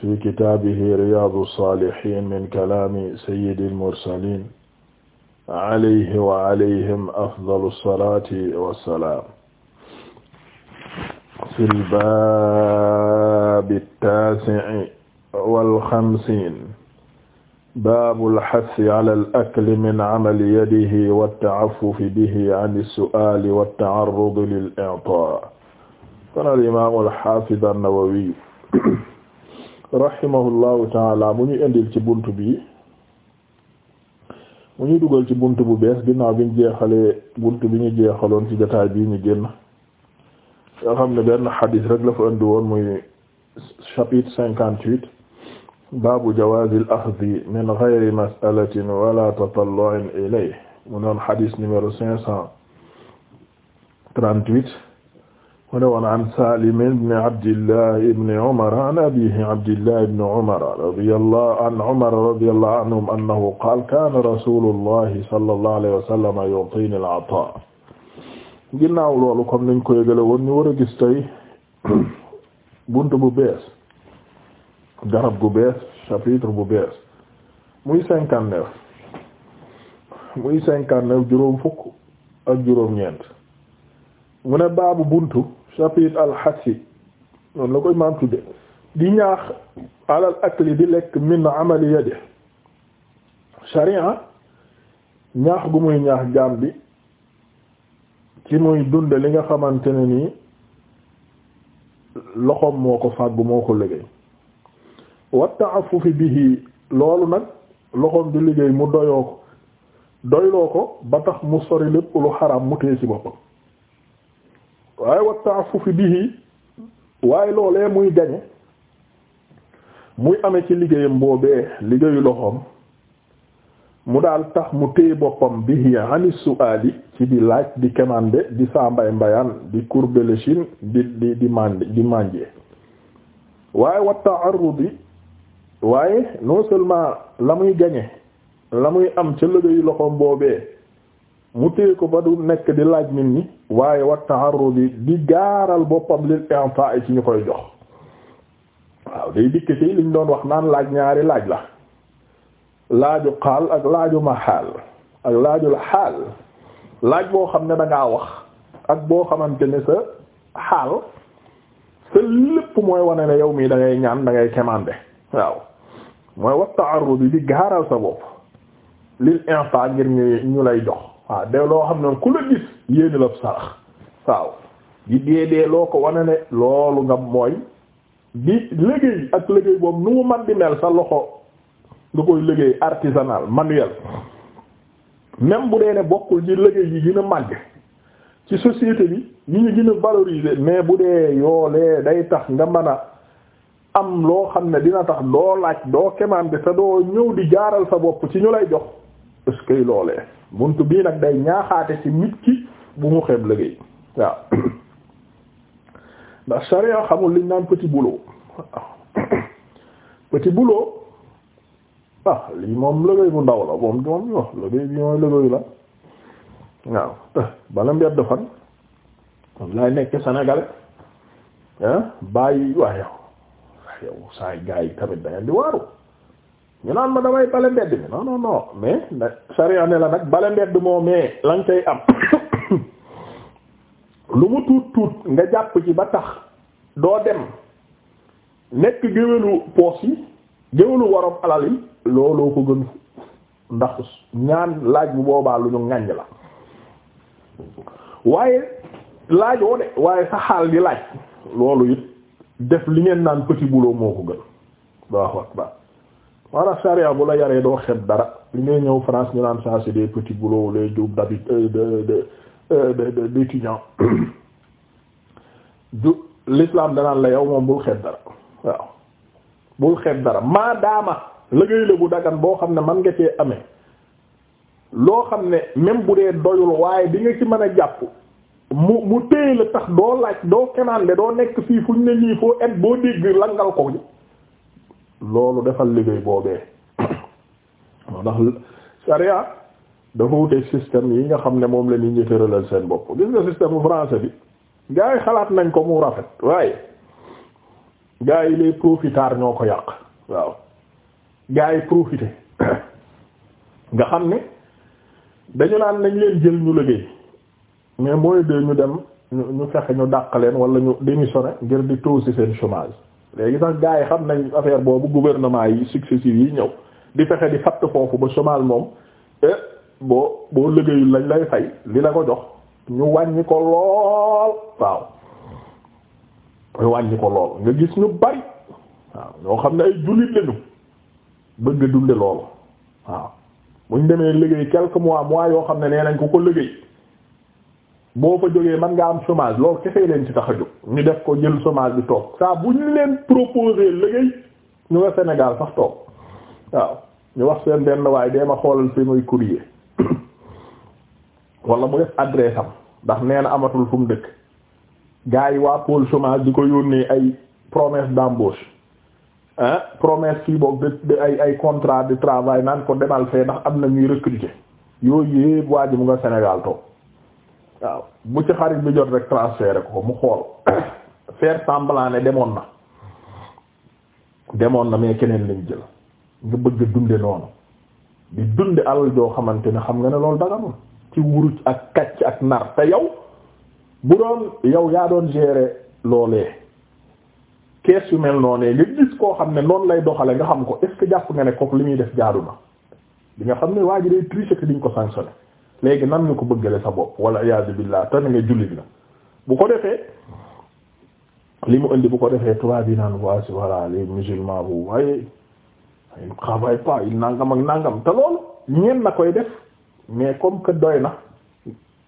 fi kitaabihi riyaadu saalihiin min kalaami sayyidil mursaliin alayhi wa alayhim afdalu salaati wa salaam. fil baabi taasi'i wal xamsiin baabul hassi alal akli min amali yadihi wat ta'affufi bihi ani su'aali wat ta'arrudi lil i'taa' qaala al imaamul haafiz an-Nawawi rahimahullahu taala mu ñu indil ci bunt bi mu ñu dugal ci bunt bu bees ginnaaw bi ñu jeexalee bunt bi ñu jeexaloon ci jotaay bii ñu génn yoo xam ne benn xadiis rek la fa indi woon muy chapitre cinquante huit baabu jawaazi al-axdi min gayri masalatin wala tatallu'in ilayhi mu noon xadiis numéro cinq cent trente huit mu ne woon an Salim ibn Abdillah ibn Umar an abiihi Abdillah ibn Umar radiyallahu an Umar radiyallahu anhum annahu qaala kaana rasuulullahi sallallahu alayhi wa sallam yu'tiini al-'ataa' ginnaaw loolu comme niñ ko yëgale woon ñu war a gis tey buntu bu bees garab gu bees chapitre bu bees muy cinquante neuf muy cinquante neuf juróom fukk ak juróom ñeent mu ne baabu buntu chapitre al-hassi noonu la koy maam tudde di ñaax alal akli di lekk min amali yadi sharia ñaax gu muy ñaax jaam bi ci muy dund li nga xamante ne nii loxoom moo ko fàggu moo ko liggéey wa ta'affufi bihi loolu nag loxoom di liggéey mu doyoo ko doyloo ko ba tax mu sori lépp lu xaram mu téye ci boppam waaye wa ta'affufi bihi waaye muy gañe muy amee ci liggéeyam boobee liggéeyu loxoom mu daal tax mu téye boppam bihi ani su'ali ci di laaj di kemande di saa mbay di courbeléchine di di di mande di manje waaye wa ta'arrudi waaye non seulement la muy gañe la muy am ca liggéeyu loxoom boobee mu téye ko ba du nekk di laaj nit ñi waaye wa ta'arrudi di gaaral boppam lil infa'i ci ñu koy jox waaw day dikk ci liñ doon wax naan laaj ñaari laaj la laaju xaal ak laaju maxaal ak laajul xaal laaj boo xam ne dangaa wax ak boo xamante ne sa xaal sa lépp mooy wane ne yow mii da ngay ñaan da ngay kemande waaw mooy wa ta'arrudi di gaaral sa bopp lil infa ngir ñu ñu lay jox waaw de loo xam ne ku la gis yéeni la sarax waaw di dee dee loo ko wane ne loolu nga mooy di liggéey ak liggéey boobu nu mu man di mel sa loxo nga koy liggéey artisanal manuel même bu dee ne bokkul ci liggéey yi gën a màgg ci société bi ñu ñu gën a valoriser mais bu dee yoolee day tax nga mën a am loo xam ne dina tax doo laaj doo kemande te doo ñëw di jaaral sa bopp ci ñu lay jox est-ce que loolee buntu bii nag day ñaaxaate ci nit ki bu mu xeeb liggéey waaw ndax sharia xamul liñ naan petit boulot petit boulot ah lii moom liggéey bu ndaw la moom moom wax liggéey bi mooy liggéeyu la waaw bala mbedd fan moom laay nekk Sénégal ah bàyyi waa yow waa yow saa yu gaa yi tamit da ngeen di waaru. ñu naan ma damay bale mbedd mi non non non mais nag sariya ne la nag bale mbedd moo mais lañ koy am lu mu tuut tuut nga jàpp ci ba tax doo dem nekk géwélu poos yi géwélu warom alal yi looloo ko gën ndax ñaan laaj bu boobaa lu ñu ŋàññ la waaye laajoo de waaye sa xaal di laaj loolu it def li ngeen naan petit boulot moo ko gën wala sariya bu la yaree doo xet dara li ngay ñëw France ñu naan ça c'est des petits boulots les jobs d'habit euh, de de euh, d'étudiant du l'islam danaan la yow moom bul xet dara waaw bul xet dara maadaama liggéey la bu dagan boo xam ne man nga cee amee loo xam ne même bu dee doyul waaye di nga ci mën a jàpp mu mu téye la tax doo laaj doo kenaan de doo nekk fii fu ñu ne nii foo et boo dégg langal ko loolu defal liggéey boobee ndax sariya dafa wuteeg système yi nga xam ne moom la nit ñi tëralal seen bopp gis nga système français bi gaa yi xalaat nañ ko mu rafet waaye gaa yi les profiteurs ñoo ko yàq waaw gaa yi profité nga xam ne dañu naan nañ leen jël ñu liggéey mais mooy de ñu dem ñu fexe ñu dàq leen wala ñu démissionner ngir di taux ci seen chômage léegi sax gars yi xam nañ affaire boobu gouvernement yi successifs yi ñëw di fexe di fatt foofu ba somal moom eh boo boo liggéeyul lañ lay fay li la ko jox ñu wàññi ko lool waaw ñu wàññi lool nga gis ñu bari waaw ñoo xam ne ay jullit lañu bëgg dunde loolu waaw buñ demee liggéey quelques mois mois yoo xam ne nee nañ ko ko liggéey boo fa jógee man nga am chômage loolu kese leen ci tax a jóg ñu def ko jël chômage bi toog saa bu ñu leen proposé liggéey ñu nga Sénégal sax toog waaw ñu wax seen benn waaye dee ma xoolal fi muy courrier wala mu def adresse am ndax nee na amatul fu mu dëkk gars yi waa pôle chômage di ko yónnee ay promesse d'embauche hein promesse fii boog de ay ay contrat de travail naan ko demal fee ndax am na ñuy recruter yooyu yëpp waa ji mu nga Sénégal toog. waaw bu ci xarit bi jot rek transféré ko mu xool faire semblant ne demoon na demoon na mais keneen lañ jël nga bëgg dunde noonu di dunde alal joo xamante ne xam nga ne loolu daganul ci wuruj ak kacc ak nar te yow bu doon yow yaa doon gérer loolee kees yu mel noonee nga gis koo xam ne noonu lay doxale nga xam ko est jàpp nga ne kooku li muy def jaadu na di nga xam ne waa ji day tricher te diñ ko sanctionner léegi nan nga ko bëggale sa bopp wala iyaazu billah te nga jullit la bu ko defee li mu indi bu ko defee tubaab yi naan voici voilà les musulmans vous voyez ils ne travaillent pas ils nangam ak nangam te loolu ñeen na koy def mais comme que doy na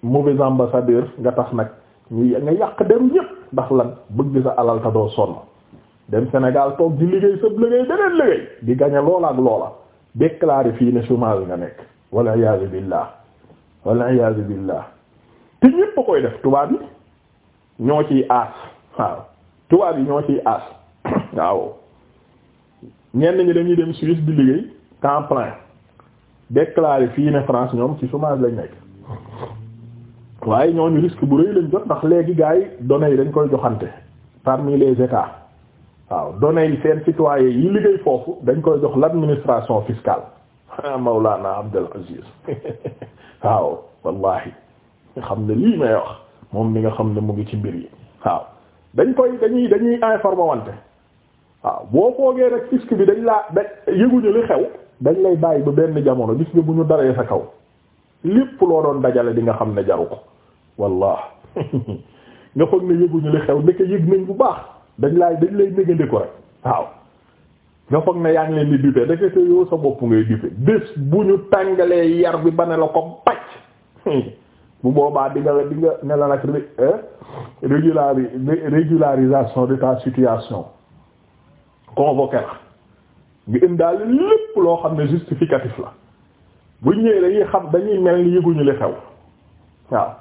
mauvais ambassadeur nga tax nag nga yàq dem ñépp ndax lan bëgg sa alal te doo dem Sénégal toog di liggéey sëb liggéey beneen liggéey di gañe loola ak loola déclarer fii ne chômage nga nekk wala iyaazu billah wal iyaazu billah te ñépp koy def tubaab yi ñoo ciy aas waaw tubaab yi ñoo ciy aas waaw ñenn ñi dañuy dem Suisse di liggéey temps plein déclaré fii ne France ñoom ci chômage lañ nekk waaye ñooñu risque bu rëy lañ jot ndax léegi gars yi données yi dañ koy joxante parmi les états waaw données yi seen citoyens yi liggéey foofu dañ koy jox l'administration fiscale Mawlana Abdul Aziz waaw wallahi nga xam ne lii may wax moom mi nga xam ne mu ngi ci mbir yi waaw dañ koy dañuy dañuy informer waaw boo foogee rek fisc bi dañ laa da yëguñu li xew dañ lay bàyyi ba benn jamono gis nga bu ñu daree sa kaw lépp loo doon dajale di nga xam ne jaru ko wallah nga foog ne yëguñu li xew ndeke yëg nañ bu baax dañ laay dañ lay négandi ko rek waaw nga foog ne yaa ngi leen di dute ndekete yoo sa bopp ngay dute bés bu ñu tàngalee yar bi ba ne la ko pacc bu boobaa di nga di nga ne la nag eh, régulari régularisation de ta situation convoqué la nga indaale lépp loo xam ne justificatif la bu ñëwee dañuy xam dañuy mel ni yëguñu li xew waaw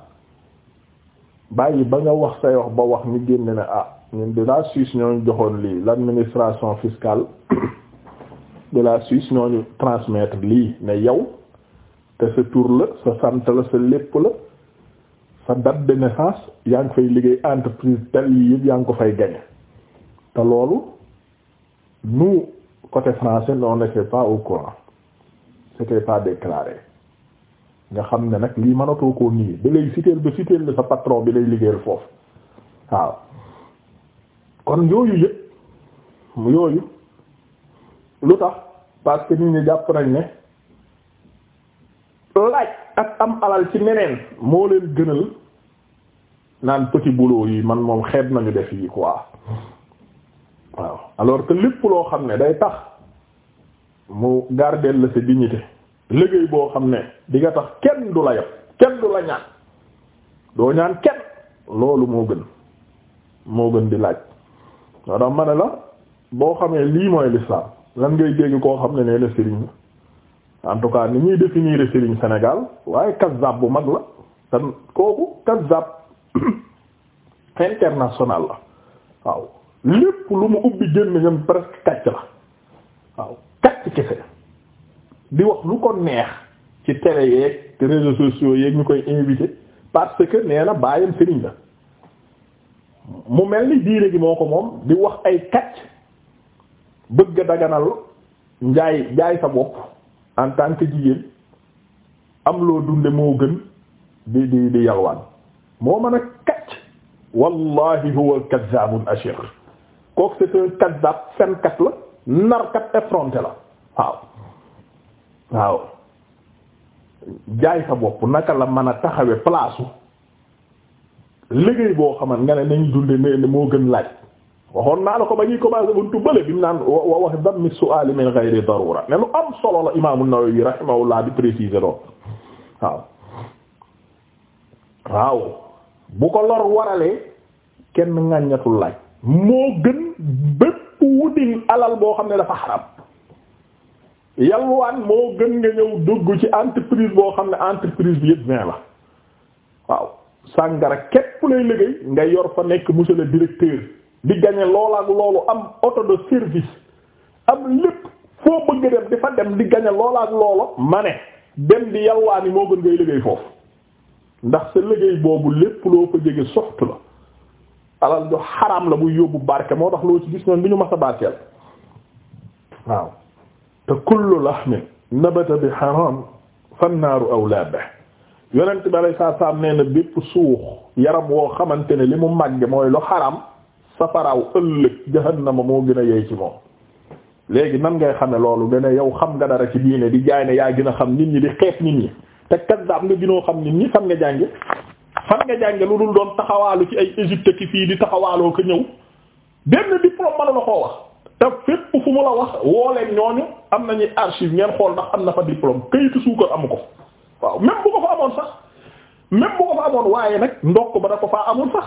bàyyi ba nga wax say wax ba wax ni génn ne ah ñun de la Suisse ñooñu joxoon lii l'administration fiscale de la Suisse ñooñu transmettre lii ne yow te sa tur la sa sant la sa lépp la sa date de yaa ngi fay liggéey entreprise tel yi yëpp yaa ngi ko fay gañe te loolu nu côté français on n'était pas au courant c'était pas déclaré nga xam ne nag lii mënatoo koo nii da lay citer ba citer la sa patron bi lay liggéeyal foofu waaw kon yooyu yëpp yooyu lu tax parce que nit ñi jàpp nañ ne laaj ak am alal ci neneen moo leen gënal naan petit boulot yi man moom xeeb nañu def yi ko waaw alors que lépp loo xam ne day tax mu garden la sa dignité liggéey boo xam ne di nga tax kenn du la yab kenn du la ñaan doo ñaan kenn loolu moo gën moo gën di laaj waaw dama ne la boo xamee lii mooy l'islam lan ngay dégg koo xam ne nee na sëriñ en tout cas ni ñuy définir sëriñ Sénégal waaye kazzab bu mag la te kooku kazzab international la waaw lépp lu mu ubbi génn ñam presque kàcc la waaw kàcc kese di wax lu ko neex ci télé yeeg réseaux sociaux yeeg ñu koy invité parce que nee na bàyyam sëriñ la mu mel ni diine gi moo ko moom di wax ay kacc bëgg a daganal njaay njaay sa bopp en tant que jigéen am loo dunde moo gën di di di yalwaan moo mën a kacc wallahi huwa kazzabun ashir kooku c'est un kazzab fenkat la narkat effronté la waaw waaw jaay sa bopp naka la mën a taxawe place liggéey boo xamante nga ne nañ dunde ne moo gën laaj waxoon naa la ko ba ñuy commencé buntu bële bi mu naan wa wax dammi su'al min am solo la imaamu Nawawi rahimahullah di préciser lool waaw waaw bu ko lor waralee kenn ŋàññatul laaj moo gën bépp wutil alal boo xam ne dafa xaram yalwaan moo gën nga ñëw dugg ci entreprise boo xam ne entreprise bi yëpp vingt la waaw sàngara képp lay liggéey nga yor fa nekk monsieur le directeur di gagner loolu ak loolu am auto de service am lépp foo bëgg dem di fa dem di gagner loolu loolu ma ne dem di yalwaani moo gën ngay liggéey foofu ndax sa liggéey boobu lépp loo fa jege soxtu la alal jo xaraam la buy yóbbu barke moo tax loo ci gis noonu du ñu mas a barkeel waaw te kullu lahmin nabata bi haram fannaaru awlaa yonent bi alay saa saam nee na bépp suux yaram woo xamante ne li mu màgge mooy lu xaram safaraaw ëllëg jahannama moo gën a yey ci moom léegi nan ngay xame loolu dana yow xam nga dara ci diine di jaay ne yaa gën a xam nit ñi di xeet nit ñi te kaddaab nga ginoo xam nit ñi fan nga jànge fan nga jànge lu dul doon taxawaalu ci ay Égypte ki fii di taxawaaloo ko ñëw benn diplôme manu la koo wax te fépp fu mu la wax woo leen ñooñu am nañuy archive ngeen xool ndax am na fa diplôme kayitu suukar amu ko waaw même bu ko fa amoon sax même bu ko fa amoon waaye nag ndokk ba da ko faa amul sax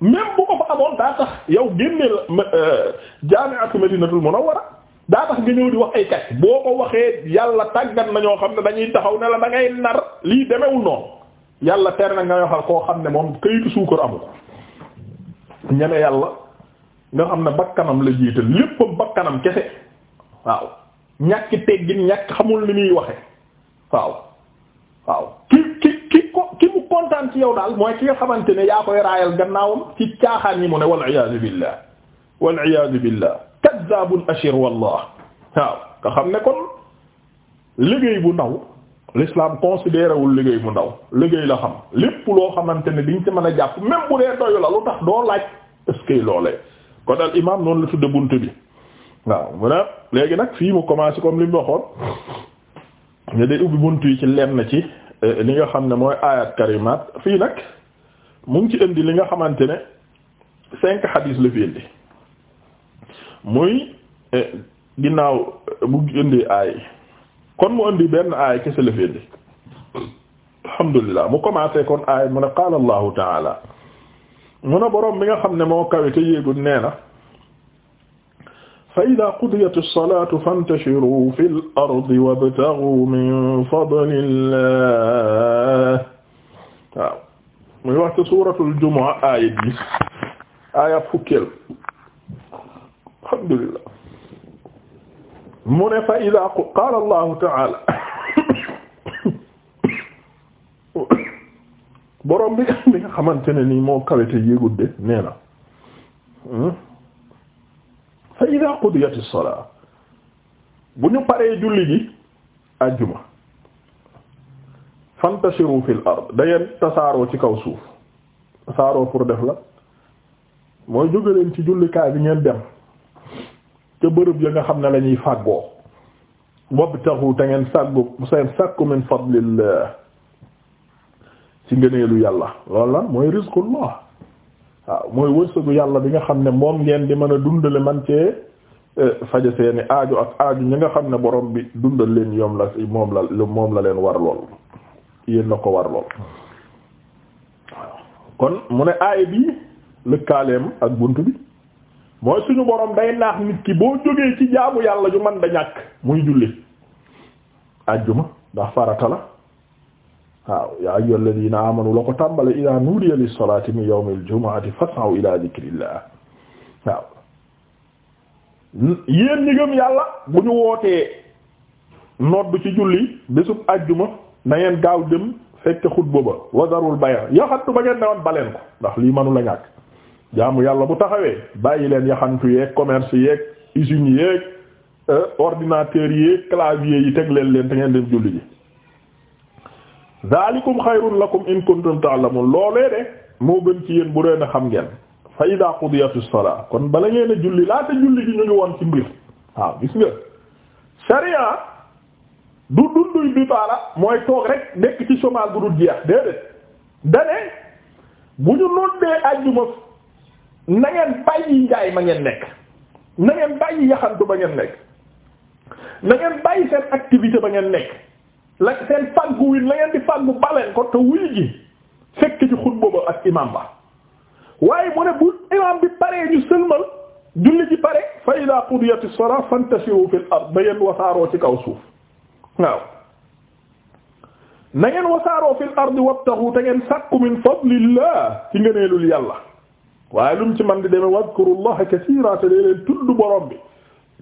même bu ko fa amoon daa tax yow génneel euh, jaami'atu madinatul munawwara daa tax nga ñëw di wax ay kàcc boo ko waxee yàlla tàggat na ñoo xam ne dañuy taxaw ne la da ngay nar lii demewul noonu yàlla ter na nga waxal koo xam ne moom këyitu suukar amu ko ñeme yàlla nga xam ne bakkanam la jiital léppam bakkanam kese waaw ñàkk teggin ñàkk xamul ni muy waxe waaw waaw ki ki ki ko ki mu kontaan ci yow daal mooy ki nga xamante ne yaa koy raayal gannaawam ci caaxaan yi mu ne wal iyaadu billah wal iyaadu billah kaddaabun ashir wallah waaw nga xam ne liggéey bu ndaw l'islam considéré wul liggéey bu ndaw liggéey la xam lépp loo xamante ne diñ ci mën a jàpp même bu dee doyu la lu tax doo laaj est-ce que loolee kon al imam noonu la tudde bunt bi waaw mu ne léegi nag fii mu commencé comme li mu waxoon ñu day ubbi buntu yi ci lenn ci euh, li nga xam ne mooy ayat karimat fii nag mu ngi ci indi li nga xamante ne cinq hadith la fi muy euh, ginnaaw euh, bu indi aay kon mu indi benn aay kese la fi alhamdulillah mu commencé kon aay mu ne qaala allahu taala mu ne borom bi nga xam ne moo kawite yéegul nee na fa idaa qudiyati salaatu fantashiruu fil ardi wabtaghuu min fadlillaah waaw muy wax ci suuratul jumu'a aaya bi aaya fukkeel alhamdulillah mu ne fa idaa qaala Allahu ta'aala borom bi nga xamante ne nii moo kawete yéegudde nee na hmm? fa idaa qudiyati salaa bu ñu paree julli ji àjjuma fantashiru fil ard da tasaaroo ci kaw suuf tasaaroo pour def la mooy jóge leen ci jullikaay bi ngeen dem te bërëb ya nga xam ne lañuy fàggoo wabtaxu te ngeen sàggu seen sàkku min fadlillah ci ngëneelu yàlla lool la mooy rizqullah waaw mooy wërsëgu yàlla bi nga xam ne moom ngeen di mën a dundale man cee eh, faja seeni aaju ak aaju ñi nga xam ne borom bi dundal leen yoom la moom la moom la leen war lool yéen la ko war lool kon mu ne aaya bi lëkkaaleem ak bunt bi mooy suñu borom day naax nit ki boo jógee ci jaamu yàlla ju man da ñàkk muy julli àjjuma ndax farata la waaw yaa ayyuhal ladina amanu la ko tàmbale ila nudiya lis salati min yawmil jumu'ati fas'u ila dhikrillah waaw yéen ñi gëm yàlla bu ñu wootee noddu ci julli bésub ajjuma na gaaw dem fekk xutba ba wadarul baya yaxantu ba ngeen newoon baleen ko ndax lii manu la ñàkk jaamu yàlla bu taxawee bàyyi leen yaxantu yeeg commerce yeeg usines yeeg eh, ordinateur yeeg clavier yi teg leen leen te ngeen dem julli ji zalikum xayrun lakum in kuntum ta'lamun loolee de moo gën ci yéen bu dee na xam ngeen fa ida qudiyatus salaa kon bala ngeen a julli laata julli gi ñu ngi woon ci mbir waaw gis nga sharia du dunduy bi baala mooy toog rek nekk ci chômage bu dul jeex déedéet dane bu ñu noddee àjjuma na ngeen bàyyi njaay ma ngeen nekk na bàyyi yaxantu ba ngeen nekk na ngeen bàyyi seen activité ba ngeen nekk la seen fàggu win la ngeen di fàggu baleen ko te wuy ji fekk ci xutba ba ak imam ba waaye mu ne bu imam bi paree ñu sëlmal julli ji pare fa ida qudiyati salaa fantasiru fil ard da ngeen wasaaroo ci kaw suuf waaw na ngeen wasaaroo fil ard wabtaxu te ngeen sàkku min fadlillah ci ngëneelul yàlla waaye lu mu ci man di demee wadkurullaha kasiira te dee leen tudd borom bi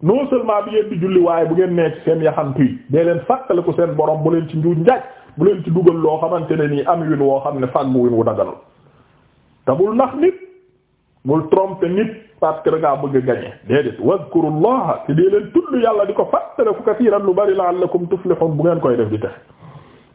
non seulement bi ngeen di julli waaye bu ngeen nee ci seen yaxantu yi dee leen ko seen borom bu leen ci njuuj njaaj bu leen ci dugal loo xamante ne nii am win woo xam ne fàggu win wu daganul te bul nax nit bul tromper nit parce que da ngaa bëgg a gañe déedéet wazkurullaha te dee yàlla di ko fàttaliku kasiiran lu bari la'allakum tuflihun bu ngeen koy def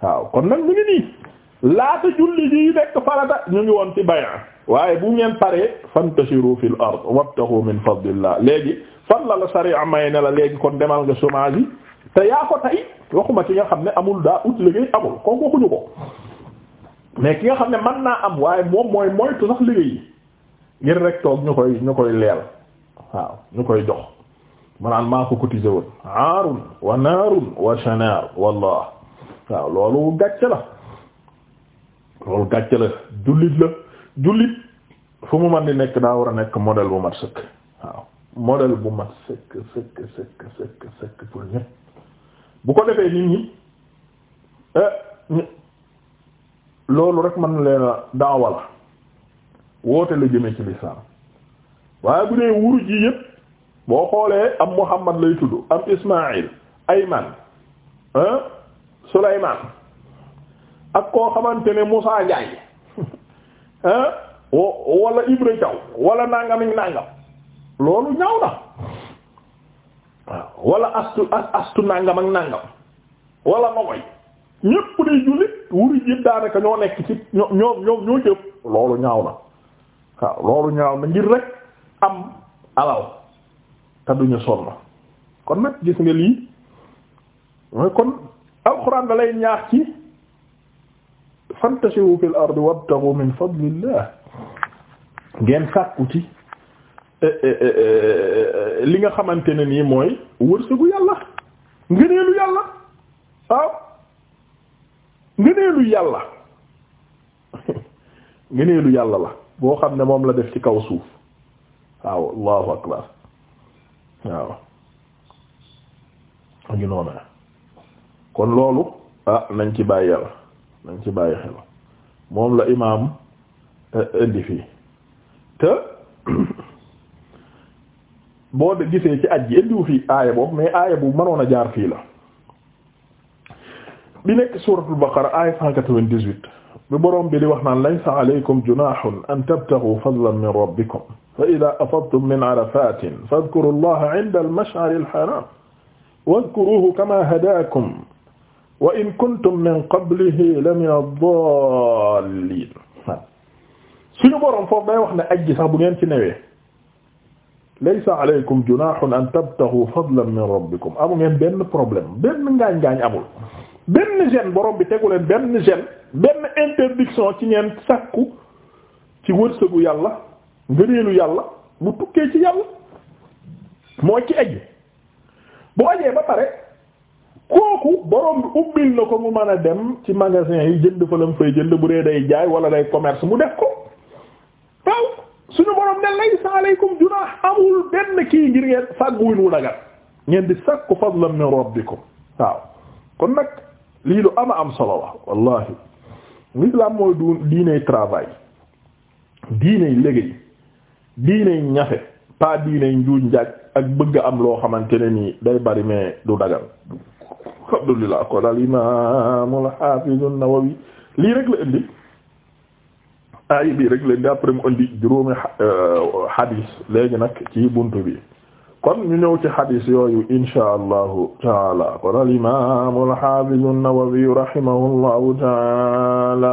waaw kon nag mu ngi nii laata julli ji nekk farata ñu ngi woon ci bayan waaye bu ngeen paree fantashiru fil ard wabtaghu min fadlillah léegi fan la la sariya may ne la léegi kon demal nga chômage yi te yaa ko tay waxuma ki nga xam ne amul daa ut liggéey amul kooku waxuñu ko mais ki nga xam ne man naa am waaye moom mooy moytu sax liggéey yi ngir rek toog ñu koy ñu koy leel waaw ñu koy jox maanaam maa ko cotisé woon aarun wa naarun wa shanaar wallah waaw loolu gàcce la loolu gàcce la jullit la jullit fu mu man di nekk daa war a nekk modèle bu mat sëkk modèle bu mat sëkk sëkk sëkk sëkk pour ñëpp bu ko defee nit ñi eh, loolu rek mën leen a daawa la woote la jëme ci lislaam waaye bu dee wuruj yi yëpp boo xoolee am Muhammad lay tudd am Ismaïl Ayman eh, Sulayman ak koo xamante ne Moussa Ndiaye eh, wala Ibra Thiaw wala nangam ak nangam loolu ñaaw na waaw wala astu astu nàngam ak nàngam wala nogoy ñépp day jullit wuri yëpp daanaka ñoo nekk ci ñoo ñoom ñoo jëpp loolu ñaaw na waaw loolu ñaaw na ngir rek am alaw te duñu sonn kon nag gis nga lii mooy kon alxuraan da lay ñaax ci fantashiru fil ardi wabtaghu min fadlillah ngeen sàkku ci Eh, eh, eh, li nga xamante ne nii mooy wërsëgu yàlla ngëneelu yàlla waaw ngëneelu yàlla ngëneelu yàlla la boo xam ne moom la def ci kaw suuf waaw allahu akbar waaw ngi noonu kon loolu ah nañ ci bàyyi yàlla nañ ci bàyyi xel moom la imaam indi fii te boo gisee ci aj ji indiwu fi aaya boobu mais aaya bu mënoon a jaar fii la nekk suuratul baqara aaya 198 di wax naan an tabtaghuu fadlan min rabbikum fa afadtum min arafatin fadkuru llaha inda almash'ari alharam wadkuruhu kama hadakum wa kuntum min qablihi la min ad-dallin suñu boroom sax bu ngeen ci newee laysa alaykum junahun an tabtahu fadlan min rabbikum amu ngeen benn problème benn ngaañ-ngaañ amul benn gêne boroom bi tegu leen benn gen benn interdiction ci ngeen sakku ci wërsëgu yàlla ngëneelu yàlla bu tukkee ci yàlla mooy ci aji bu ajee ba pare kooku borom bi ubbil na ko mu mën a dem ci magasin yi jënd fa la mu fay jënd bu dee day jaay wala day commerce mu def ko waaw suñu borom ne laysa alaykum junah amul benn kii ngir ngeen sàggu win wu dagat ngeen di sàkku fadlan min rabbikum waaw kon nag lii lu ama am solo la wallahi l'islam mooy du diiney travail diiney liggéey diiney ñafe pas diiney njuuj njaaj ak bëgg am loo xamante ne nii day bari mais du dagal alhamdulillah kon al imaam al nawawi lii rek la indi ay bi rek leen di après mu indi juróomi euh, léegi nag ci buntu bi kon ñu ñëw ci hadis yooyu insha allahu taala kon al imam al hafiz an-Nawawi rahimahullahu taala